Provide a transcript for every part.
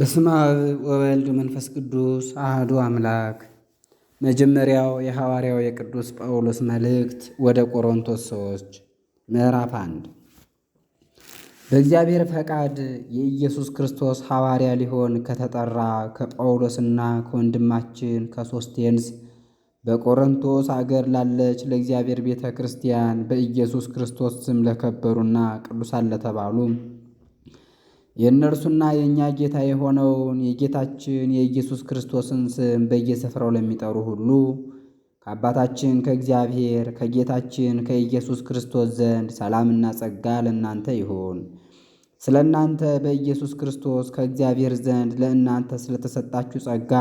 በስመ አብ ወወልድ መንፈስ ቅዱስ አህዱ አምላክ። መጀመሪያው የሐዋርያው የቅዱስ ጳውሎስ መልእክት ወደ ቆሮንቶስ ሰዎች ምዕራፍ አንድ በእግዚአብሔር ፈቃድ የኢየሱስ ክርስቶስ ሐዋርያ ሊሆን ከተጠራ ከጳውሎስና ከወንድማችን ከሶስቴንስ በቆሮንቶስ አገር ላለች ለእግዚአብሔር ቤተ ክርስቲያን በኢየሱስ ክርስቶስ ስም ለከበሩና ቅዱሳን ለተባሉ የእነርሱና የእኛ ጌታ የሆነውን የጌታችን የኢየሱስ ክርስቶስን ስም በየስፍራው ለሚጠሩ ሁሉ ከአባታችን ከእግዚአብሔር ከጌታችን ከኢየሱስ ክርስቶስ ዘንድ ሰላምና ጸጋ ለእናንተ ይሁን። ስለ እናንተ በኢየሱስ ክርስቶስ ከእግዚአብሔር ዘንድ ለእናንተ ስለተሰጣችሁ ጸጋ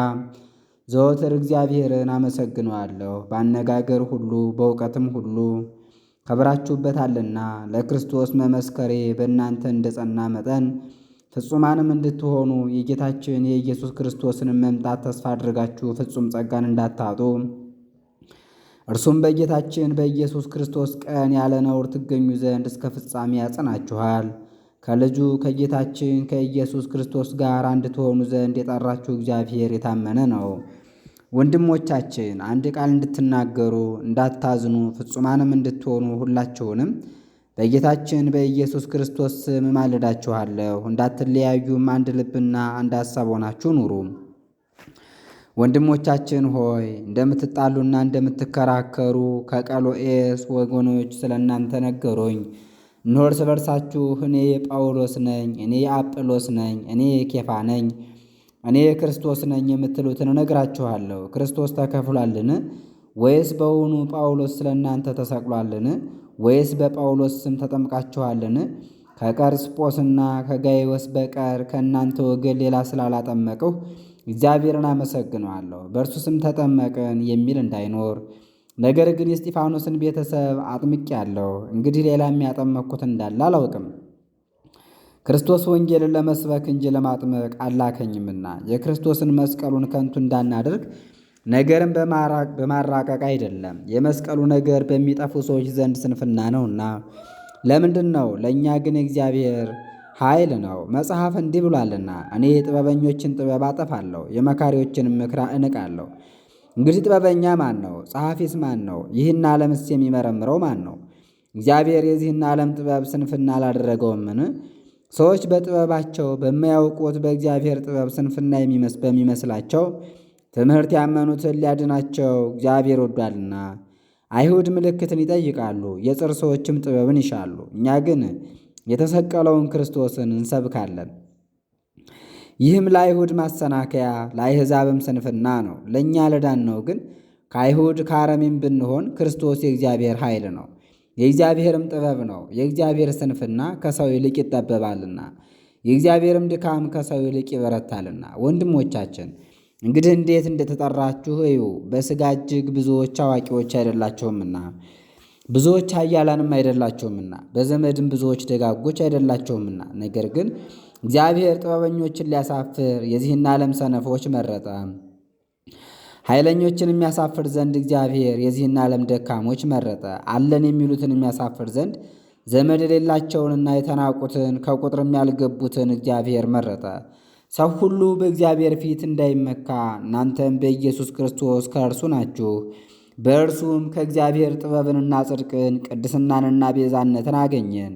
ዘወትር እግዚአብሔርን አመሰግነዋለሁ። በአነጋገር ሁሉ በእውቀትም ሁሉ ከብራችሁበታልና ለክርስቶስ መመስከሬ በእናንተ እንደ ጸና መጠን ፍጹማንም እንድትሆኑ የጌታችን የኢየሱስ ክርስቶስንም መምጣት ተስፋ አድርጋችሁ ፍጹም ጸጋን እንዳታጡ እርሱም በጌታችን በኢየሱስ ክርስቶስ ቀን ያለ ነውር ትገኙ ዘንድ እስከ ፍጻሜ ያጽናችኋል ከልጁ ከጌታችን ከኢየሱስ ክርስቶስ ጋር አንድ ዘንድ የጠራችሁ እግዚአብሔር የታመነ ነው። ወንድሞቻችን አንድ ቃል እንድትናገሩ እንዳታዝኑ፣ ፍጹማንም እንድትሆኑ ሁላችሁንም በጌታችን በኢየሱስ ክርስቶስ ስም እማልዳችኋለሁ። እንዳትለያዩም አንድ ልብና አንድ ሐሳብ ሆናችሁ ኑሩ። ወንድሞቻችን ሆይ እንደምትጣሉና እንደምትከራከሩ ከቀሎኤስ ወገኖች ስለ እናንተ ነገሩኝ። እነሆ እርስ በርሳችሁ እኔ የጳውሎስ ነኝ፣ እኔ የአጵሎስ ነኝ፣ እኔ የኬፋ ነኝ፣ እኔ የክርስቶስ ነኝ የምትሉትን እነግራችኋለሁ። ክርስቶስ ተከፍሏልን? ወይስ በውኑ ጳውሎስ ስለ እናንተ ተሰቅሏልን? ወይስ በጳውሎስ ስም ተጠምቃችኋልን? ከቀርስጶስና ከጋይዮስ በቀር ከእናንተ ወገን ሌላ ስላላጠመቅሁ እግዚአብሔርን አመሰግነዋለሁ። በእርሱ ስም ተጠመቅን የሚል እንዳይኖር ነገር ግን የእስጢፋኖስን ቤተሰብ አጥምቄአለሁ። እንግዲህ ሌላ የሚያጠመቅኩት እንዳለ አላውቅም፣ ክርስቶስ ወንጌልን ለመስበክ እንጂ ለማጥመቅ አላከኝምና የክርስቶስን መስቀሉን ከንቱ እንዳናደርግ ነገርን በማራቀቅ አይደለም፣ የመስቀሉ ነገር በሚጠፉ ሰዎች ዘንድ ስንፍና ነውና። ለምንድን ነው? ለእኛ ግን እግዚአብሔር ኃይል ነው። መጽሐፍ እንዲህ ብሏልና እኔ የጥበበኞችን ጥበብ አጠፋለሁ፣ የመካሪዎችን ምክራ እንቃለሁ። እንግዲህ ጥበበኛ ማን ነው? ጸሐፊስ ማን ነው? ይህን ዓለምስ የሚመረምረው ማን ነው? እግዚአብሔር የዚህን ዓለም ጥበብ ስንፍና አላደረገውምን? ሰዎች በጥበባቸው በማያውቁት በእግዚአብሔር ጥበብ ስንፍና በሚመስላቸው ትምህርት ያመኑትን ሊያድናቸው እግዚአብሔር ወዷልና። አይሁድ ምልክትን ይጠይቃሉ፣ የጽር ሰዎችም ጥበብን ይሻሉ። እኛ ግን የተሰቀለውን ክርስቶስን እንሰብካለን። ይህም ለአይሁድ ማሰናከያ ለአሕዛብም ስንፍና ነው። ለእኛ ለዳን ነው ግን ከአይሁድ ከአረሚም ብንሆን ክርስቶስ የእግዚአብሔር ኃይል ነው፣ የእግዚአብሔርም ጥበብ ነው። የእግዚአብሔር ስንፍና ከሰው ይልቅ ይጠበባልና፣ የእግዚአብሔርም ድካም ከሰው ይልቅ ይበረታልና። ወንድሞቻችን እንግዲህ እንዴት እንደተጠራችሁ እዩ። በስጋ እጅግ ብዙዎች አዋቂዎች አይደላቸውምና ብዙዎች ኃያላንም አይደላቸውምና በዘመድም ብዙዎች ደጋጎች አይደላቸውምና፣ ነገር ግን እግዚአብሔር ጥበበኞችን ሊያሳፍር የዚህን ዓለም ሰነፎች መረጠ። ኃይለኞችን የሚያሳፍር ዘንድ እግዚአብሔር የዚህን ዓለም ደካሞች መረጠ። አለን የሚሉትን የሚያሳፍር ዘንድ ዘመድ የሌላቸውንና የተናቁትን ከቁጥር የሚያልገቡትን እግዚአብሔር መረጠ። ሰው ሁሉ በእግዚአብሔር ፊት እንዳይመካ እናንተም በኢየሱስ ክርስቶስ ከእርሱ ናችሁ። በእርሱም ከእግዚአብሔር ጥበብንና ጽድቅን ቅድስናንና ቤዛነትን አገኘን።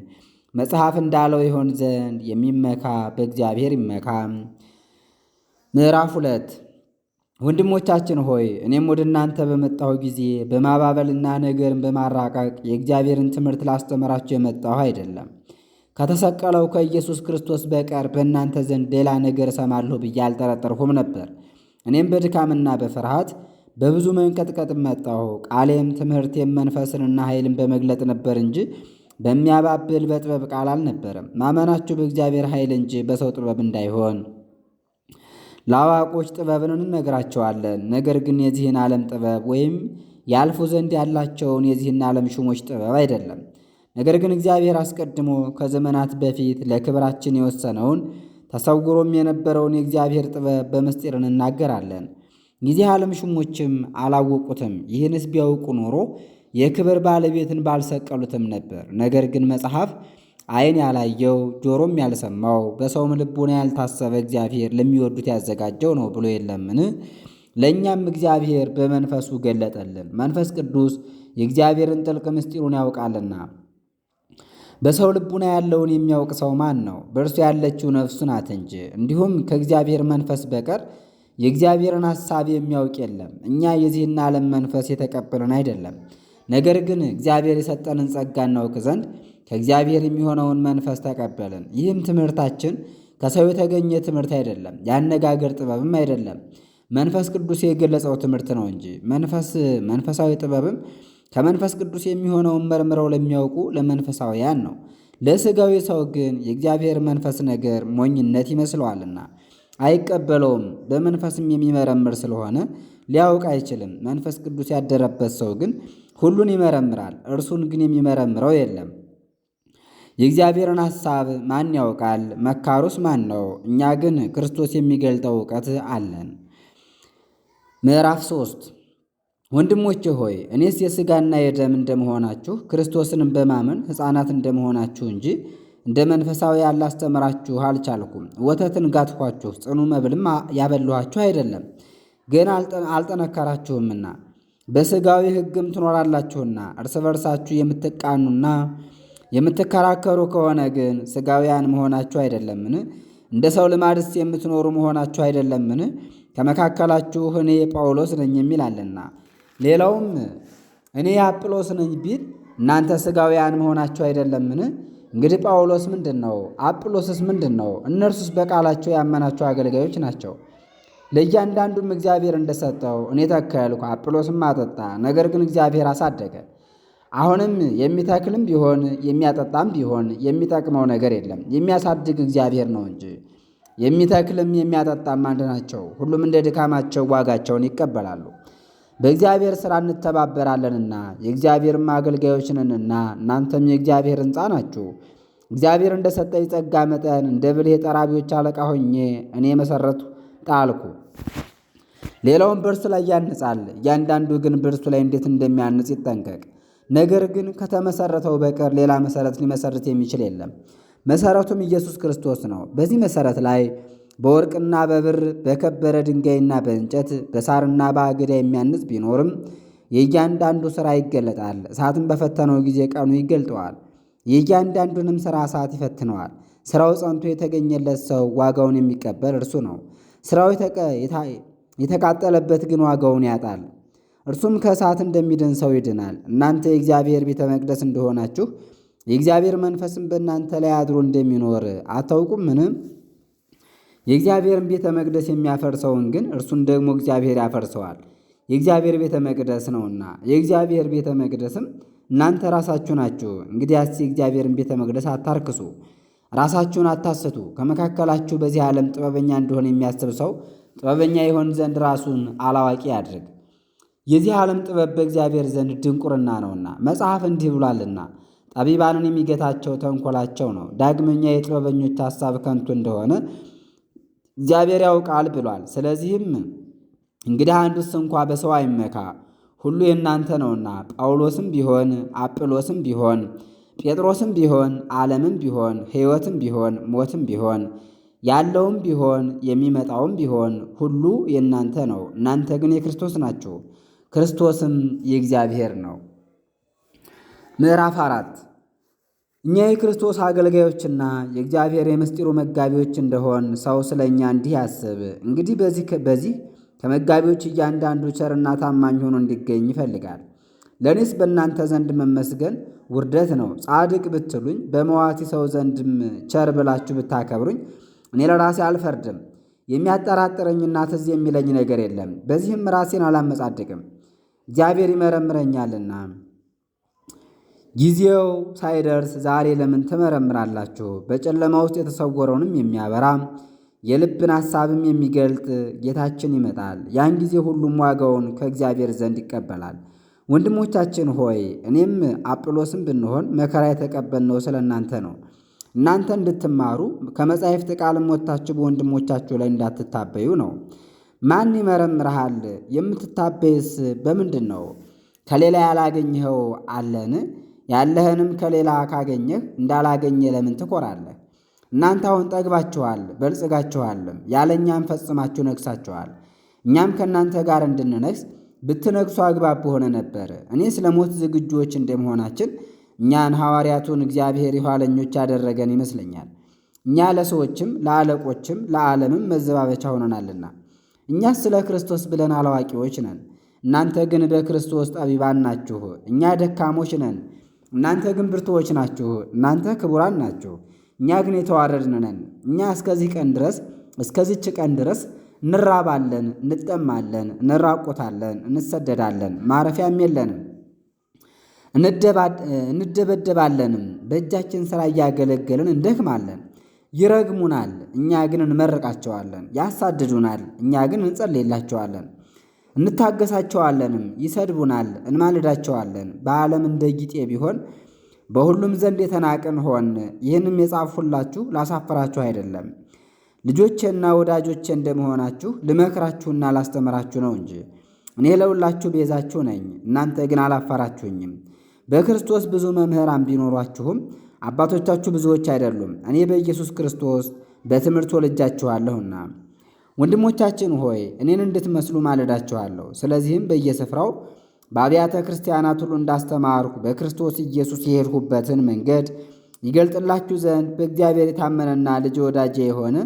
መጽሐፍ እንዳለው ይሆን ዘንድ የሚመካ በእግዚአብሔር ይመካ። ምዕራፍ ሁለት ወንድሞቻችን ሆይ እኔም ወደ እናንተ በመጣሁ ጊዜ በማባበልና ነገርን በማራቀቅ የእግዚአብሔርን ትምህርት ላስተምራችሁ የመጣሁ አይደለም ከተሰቀለው ከኢየሱስ ክርስቶስ በቀር በእናንተ ዘንድ ሌላ ነገር እሰማለሁ ብዬ አልጠረጠርሁም ነበር። እኔም በድካምና በፍርሃት በብዙ መንቀጥቀጥ መጣሁ። ቃሌም ትምህርቴም መንፈስንና ኃይልን በመግለጥ ነበር እንጂ በሚያባብል በጥበብ ቃል አልነበረም። ማመናችሁ በእግዚአብሔር ኃይል እንጂ በሰው ጥበብ እንዳይሆን ለአዋቆች ጥበብን እንነግራቸዋለን። ነገር ግን የዚህን ዓለም ጥበብ ወይም ያልፉ ዘንድ ያላቸውን የዚህን ዓለም ሹሞች ጥበብ አይደለም። ነገር ግን እግዚአብሔር አስቀድሞ ከዘመናት በፊት ለክብራችን የወሰነውን ተሰውሮም የነበረውን የእግዚአብሔር ጥበብ በምስጢር እንናገራለን። የዚህ ዓለም ሹሞችም አላወቁትም። ይህንስ ቢያውቁ ኖሮ የክብር ባለቤትን ባልሰቀሉትም ነበር። ነገር ግን መጽሐፍ ዓይን ያላየው ጆሮም ያልሰማው በሰውም ልቦና ያልታሰበ እግዚአብሔር ለሚወዱት ያዘጋጀው ነው ብሎ የለምን? ለእኛም እግዚአብሔር በመንፈሱ ገለጠልን። መንፈስ ቅዱስ የእግዚአብሔርን ጥልቅ ምስጢሩን ያውቃልና በሰው ልቡና ያለውን የሚያውቅ ሰው ማን ነው? በእርሱ ያለችው ነፍሱ ናት እንጂ። እንዲሁም ከእግዚአብሔር መንፈስ በቀር የእግዚአብሔርን ሐሳብ የሚያውቅ የለም። እኛ የዚህን ዓለም መንፈስ የተቀበልን አይደለም፣ ነገር ግን እግዚአብሔር የሰጠንን ጸጋ እናውቅ ዘንድ ከእግዚአብሔር የሚሆነውን መንፈስ ተቀበልን። ይህም ትምህርታችን ከሰው የተገኘ ትምህርት አይደለም፣ የአነጋገር ጥበብም አይደለም፣ መንፈስ ቅዱስ የገለጸው ትምህርት ነው እንጂ መንፈስ መንፈሳዊ ጥበብም ከመንፈስ ቅዱስ የሚሆነውን መርምረው ለሚያውቁ ለመንፈሳውያን ነው። ለሥጋዊ ሰው ግን የእግዚአብሔር መንፈስ ነገር ሞኝነት ይመስለዋልና አይቀበለውም። በመንፈስም የሚመረምር ስለሆነ ሊያውቅ አይችልም። መንፈስ ቅዱስ ያደረበት ሰው ግን ሁሉን ይመረምራል፣ እርሱን ግን የሚመረምረው የለም። የእግዚአብሔርን ሐሳብ ማን ያውቃል? መካሩስ ማን ነው? እኛ ግን ክርስቶስ የሚገልጠው እውቀት አለን። ምዕራፍ ሶስት ወንድሞቼ ሆይ እኔስ የሥጋና የደም እንደመሆናችሁ ክርስቶስንም በማመን ሕፃናት እንደመሆናችሁ እንጂ እንደ መንፈሳዊ ያላስተምራችሁ አልቻልኩም። ወተትን ጋትኳችሁ ጽኑ መብልም ያበልኋችሁ አይደለም፣ ገና አልጠነከራችሁምና በሥጋዊ ሕግም ትኖራላችሁና። እርስ በርሳችሁ የምትቃኑና የምትከራከሩ ከሆነ ግን ሥጋውያን መሆናችሁ አይደለምን? እንደ ሰው ልማድስ የምትኖሩ መሆናችሁ አይደለምን? ከመካከላችሁ እኔ ጳውሎስ ነኝ የሚል አለና ሌላውም እኔ የአጵሎስ ነኝ ቢል እናንተ ሥጋውያን መሆናችሁ አይደለምን? እንግዲህ ጳውሎስ ምንድን ነው? አጵሎስስ ምንድን ነው? እነርሱስ በቃላቸው ያመናቸው አገልጋዮች ናቸው። ለእያንዳንዱም እግዚአብሔር እንደሰጠው እኔ ተከልኩ፣ አጵሎስም አጠጣ። ነገር ግን እግዚአብሔር አሳደገ። አሁንም የሚተክልም ቢሆን የሚያጠጣም ቢሆን የሚጠቅመው ነገር የለም፣ የሚያሳድግ እግዚአብሔር ነው እንጂ። የሚተክልም የሚያጠጣም አንድ ናቸው። ሁሉም እንደ ድካማቸው ዋጋቸውን ይቀበላሉ። በእግዚአብሔር ሥራ እንተባበራለንና የእግዚአብሔርም አገልጋዮች ነንና እናንተም የእግዚአብሔር ሕንፃ ናችሁ። እግዚአብሔር እንደ ሰጠኝ ጸጋ መጠን እንደ ብልህ ጠራቢዎች አለቃ ሆኜ እኔ መሠረቱ ጣልኩ፣ ሌላውን በእርሱ ላይ ያንጻል። እያንዳንዱ ግን በእርሱ ላይ እንዴት እንደሚያንጽ ይጠንቀቅ። ነገር ግን ከተመሠረተው በቀር ሌላ መሠረት ሊመሠርት የሚችል የለም። መሠረቱም ኢየሱስ ክርስቶስ ነው። በዚህ መሠረት ላይ በወርቅና በብር በከበረ ድንጋይና በእንጨት በሳርና በአገዳ የሚያንጽ ቢኖርም የእያንዳንዱ ሥራ ይገለጣል። እሳትም በፈተነው ጊዜ ቀኑ ይገልጠዋል፣ የእያንዳንዱንም ሥራ እሳት ይፈትነዋል። ሥራው ጸንቶ የተገኘለት ሰው ዋጋውን የሚቀበል እርሱ ነው። ሥራው የተቃጠለበት ግን ዋጋውን ያጣል። እርሱም ከእሳት እንደሚድን ሰው ይድናል። እናንተ የእግዚአብሔር ቤተ መቅደስ እንደሆናችሁ የእግዚአብሔር መንፈስም በእናንተ ላይ አድሮ እንደሚኖር አታውቁም ምንም የእግዚአብሔርን ቤተ መቅደስ የሚያፈርሰውን ግን እርሱን ደግሞ እግዚአብሔር ያፈርሰዋል፣ የእግዚአብሔር ቤተ መቅደስ ነውና። የእግዚአብሔር ቤተ መቅደስም እናንተ ራሳችሁ ናችሁ። እንግዲያስ የእግዚአብሔርን ቤተ መቅደስ አታርክሱ፣ ራሳችሁን አታስቱ። ከመካከላችሁ በዚህ ዓለም ጥበበኛ እንደሆነ የሚያስብ ሰው ጥበበኛ ይሆን ዘንድ ራሱን አላዋቂ ያድርግ። የዚህ ዓለም ጥበብ በእግዚአብሔር ዘንድ ድንቁርና ነውና መጽሐፍ እንዲህ ብሏልና ጠቢባንን የሚገታቸው ተንኮላቸው ነው። ዳግመኛ የጥበበኞች ሐሳብ ከንቱ እንደሆነ እግዚአብሔር ያውቃል ብሏል። ስለዚህም እንግዲህ አንዱስ እንኳ በሰው አይመካ ሁሉ የእናንተ ነውና ጳውሎስም ቢሆን አጵሎስም ቢሆን ጴጥሮስም ቢሆን ዓለምም ቢሆን ሕይወትም ቢሆን ሞትም ቢሆን ያለውም ቢሆን የሚመጣውም ቢሆን ሁሉ የእናንተ ነው። እናንተ ግን የክርስቶስ ናችሁ፣ ክርስቶስም የእግዚአብሔር ነው። ምዕራፍ አራት እኛ የክርስቶስ አገልጋዮችና የእግዚአብሔር የምስጢሩ መጋቢዎች እንደሆን ሰው ስለ እኛ እንዲህ ያስብ። እንግዲህ በዚህ በዚህ ከመጋቢዎች እያንዳንዱ ቸርና ታማኝ ሆኖ እንዲገኝ ይፈልጋል። ለእኔስ በእናንተ ዘንድ መመስገን ውርደት ነው። ጻድቅ ብትሉኝ በመዋቲ ሰው ዘንድም ቸር ብላችሁ ብታከብሩኝ እኔ ለራሴ አልፈርድም። የሚያጠራጥረኝና ትዝ የሚለኝ ነገር የለም። በዚህም ራሴን አላመጻድቅም፣ እግዚአብሔር ይመረምረኛልና። ጊዜው ሳይደርስ ዛሬ ለምን ትመረምራላችሁ? በጨለማ ውስጥ የተሰወረውንም የሚያበራ የልብን ሐሳብም የሚገልጥ ጌታችን ይመጣል። ያን ጊዜ ሁሉም ዋጋውን ከእግዚአብሔር ዘንድ ይቀበላል። ወንድሞቻችን ሆይ እኔም አጵሎስም ብንሆን መከራ የተቀበልነው ስለ እናንተ ነው፣ እናንተ እንድትማሩ ከመጻሕፍት ቃልም ወጥታችሁ በወንድሞቻችሁ ላይ እንዳትታበዩ ነው። ማን ይመረምርሃል? የምትታበይስ በምንድን ነው? ከሌላ ያላገኘኸው አለን? ያለህንም ከሌላ ካገኘህ እንዳላገኘ ለምን ትኮራለህ? እናንተ አሁን ጠግባችኋል፣ በልጽጋችኋልም፣ ያለ እኛም ፈጽማችሁ ነግሳችኋል። እኛም ከእናንተ ጋር እንድንነግስ ብትነግሱ አግባብ በሆነ ነበር። እኔ ስለ ሞት ዝግጁዎች እንደመሆናችን እኛን ሐዋርያቱን እግዚአብሔር የኋለኞች ያደረገን ይመስለኛል። እኛ ለሰዎችም ለአለቆችም ለዓለምም መዘባበቻ ሆነናልና፣ እኛ ስለ ክርስቶስ ብለን አላዋቂዎች ነን፣ እናንተ ግን በክርስቶስ ጠቢባን ናችሁ። እኛ ደካሞች ነን እናንተ ግን ብርቱዎች ናችሁ፣ እናንተ ክቡራን ናችሁ። እኛ ግን የተዋረድን ነን። እኛ እስከዚህ ቀን ድረስ እስከዚች ቀን ድረስ እንራባለን፣ እንጠማለን፣ እንራቆታለን፣ እንሰደዳለን፣ ማረፊያም የለንም፣ እንደበደባለንም፣ በእጃችን ሥራ እያገለገልን እንደክማለን። ይረግሙናል፣ እኛ ግን እንመርቃቸዋለን። ያሳድዱናል፣ እኛ ግን እንጸልይላቸዋለን። እንታገሳቸዋለንም፣ ይሰድቡናል፣ እንማልዳቸዋለን። በዓለም እንደ ጊጤ ቢሆን በሁሉም ዘንድ የተናቅን ሆን። ይህንም የጻፍሁላችሁ ላሳፈራችሁ አይደለም፣ ልጆቼና ወዳጆቼ እንደመሆናችሁ ልመክራችሁና ላስተምራችሁ ነው እንጂ። እኔ ለሁላችሁ ቤዛችሁ ነኝ፣ እናንተ ግን አላፈራችሁኝም። በክርስቶስ ብዙ መምህራን ቢኖሯችሁም አባቶቻችሁ ብዙዎች አይደሉም፣ እኔ በኢየሱስ ክርስቶስ በትምህርት ወልጃችኋለሁና። ወንድሞቻችን ሆይ እኔን እንድትመስሉ ማለዳችኋለሁ። ስለዚህም በየስፍራው በአብያተ ክርስቲያናት ሁሉ እንዳስተማርኩ በክርስቶስ ኢየሱስ የሄድሁበትን መንገድ ይገልጥላችሁ ዘንድ በእግዚአብሔር የታመነና ልጅ ወዳጄ የሆነ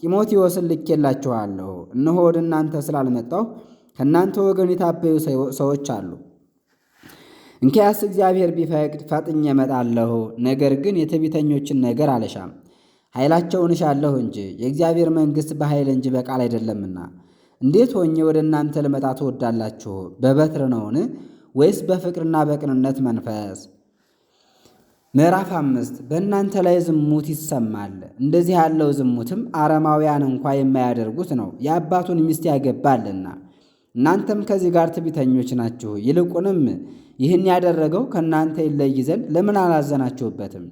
ጢሞቴዎስን ልኬላችኋለሁ። እነሆ ወደ እናንተ ስላልመጣሁ ከእናንተ ወገን የታበዩ ሰዎች አሉ። እንኪያስ እግዚአብሔር ቢፈቅድ ፈጥኜ እመጣለሁ። ነገር ግን የትዕቢተኞችን ነገር አልሻም ኃይላቸውን እሻለሁ እንጂ የእግዚአብሔር መንግሥት በኃይል እንጂ በቃል አይደለምና። እንዴት ሆኜ ወደ እናንተ ልመጣ ትወዳላችሁ? በበትር ነውን? ወይስ በፍቅርና በቅንነት መንፈስ? ምዕራፍ አምስት በእናንተ ላይ ዝሙት ይሰማል። እንደዚህ ያለው ዝሙትም አረማውያን እንኳ የማያደርጉት ነው፣ የአባቱን ሚስት ያገባልና። እናንተም ከዚህ ጋር ትቢተኞች ናችሁ። ይልቁንም ይህን ያደረገው ከእናንተ ይለይ ዘንድ ለምን አላዘናችሁበትም?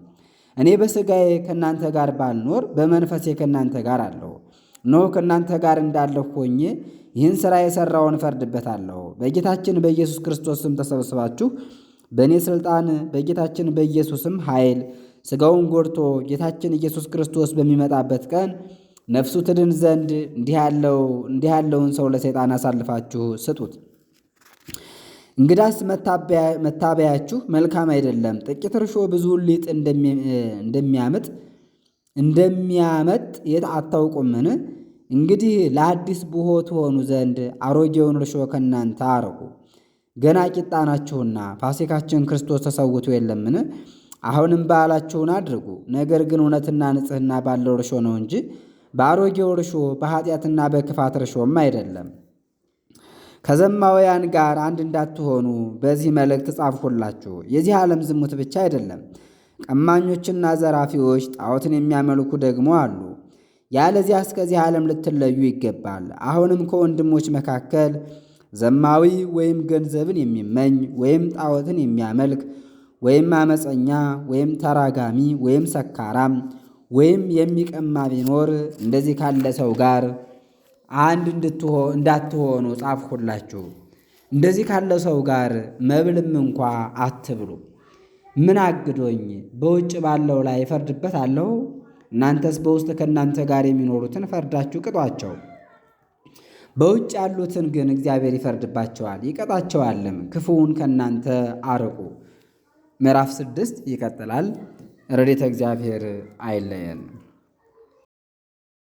እኔ በሥጋዬ ከእናንተ ጋር ባልኖር በመንፈሴ ከእናንተ ጋር አለሁ። እነሆ ከእናንተ ጋር እንዳለሁ ሆኜ ይህን ሥራ የሠራውን እፈርድበታለሁ። በጌታችን በኢየሱስ ክርስቶስ ስም ተሰብስባችሁ በእኔ ሥልጣን በጌታችን በኢየሱስም ኃይል ሥጋውን ጎድቶ ጌታችን ኢየሱስ ክርስቶስ በሚመጣበት ቀን ነፍሱ ትድን ዘንድ እንዲህ ያለውን ሰው ለሰይጣን አሳልፋችሁ ስጡት። እንግዳስ መታበያችሁ መልካም አይደለም። ጥቂት እርሾ ብዙ ሊጥ እንደሚያመጥ እንደሚያመጥ የት አታውቁምን? እንግዲህ ለአዲስ ብሆ ትሆኑ ዘንድ አሮጌውን እርሾ ከእናንተ አርቁ። ገና ቂጣ ናችሁና። ፋሲካችን ክርስቶስ ተሰውቶ የለምን? አሁንም በዓላችሁን አድርጉ። ነገር ግን እውነትና ንጽሕና ባለው እርሾ ነው እንጂ በአሮጌው እርሾ በኃጢአትና በክፋት እርሾም አይደለም። ከዘማውያን ጋር አንድ እንዳትሆኑ በዚህ መልእክት ጻፍሁላችሁ። የዚህ ዓለም ዝሙት ብቻ አይደለም፣ ቀማኞችና ዘራፊዎች፣ ጣዖትን የሚያመልኩ ደግሞ አሉ። ያለዚያ እስከዚህ ዓለም ልትለዩ ይገባል። አሁንም ከወንድሞች መካከል ዘማዊ ወይም ገንዘብን የሚመኝ ወይም ጣዖትን የሚያመልክ ወይም አመፀኛ ወይም ተራጋሚ ወይም ሰካራም ወይም የሚቀማ ቢኖር እንደዚህ ካለ ሰው ጋር አንድ እንዳትሆኑ ጻፍሁላችሁ። እንደዚህ ካለ ሰው ጋር መብልም እንኳ አትብሉ። ምን አግዶኝ በውጭ ባለው ላይ አለው? እናንተስ በውስጥ ከእናንተ ጋር የሚኖሩትን ፈርዳችሁ ቅጧቸው። በውጭ ያሉትን ግን እግዚአብሔር ይፈርድባቸዋል ይቀጣቸዋልም። ክፉውን ከእናንተ አርቁ። ምዕራፍ ስድስት ይቀጥላል። ረድኤተ እግዚአብሔር አይለየን።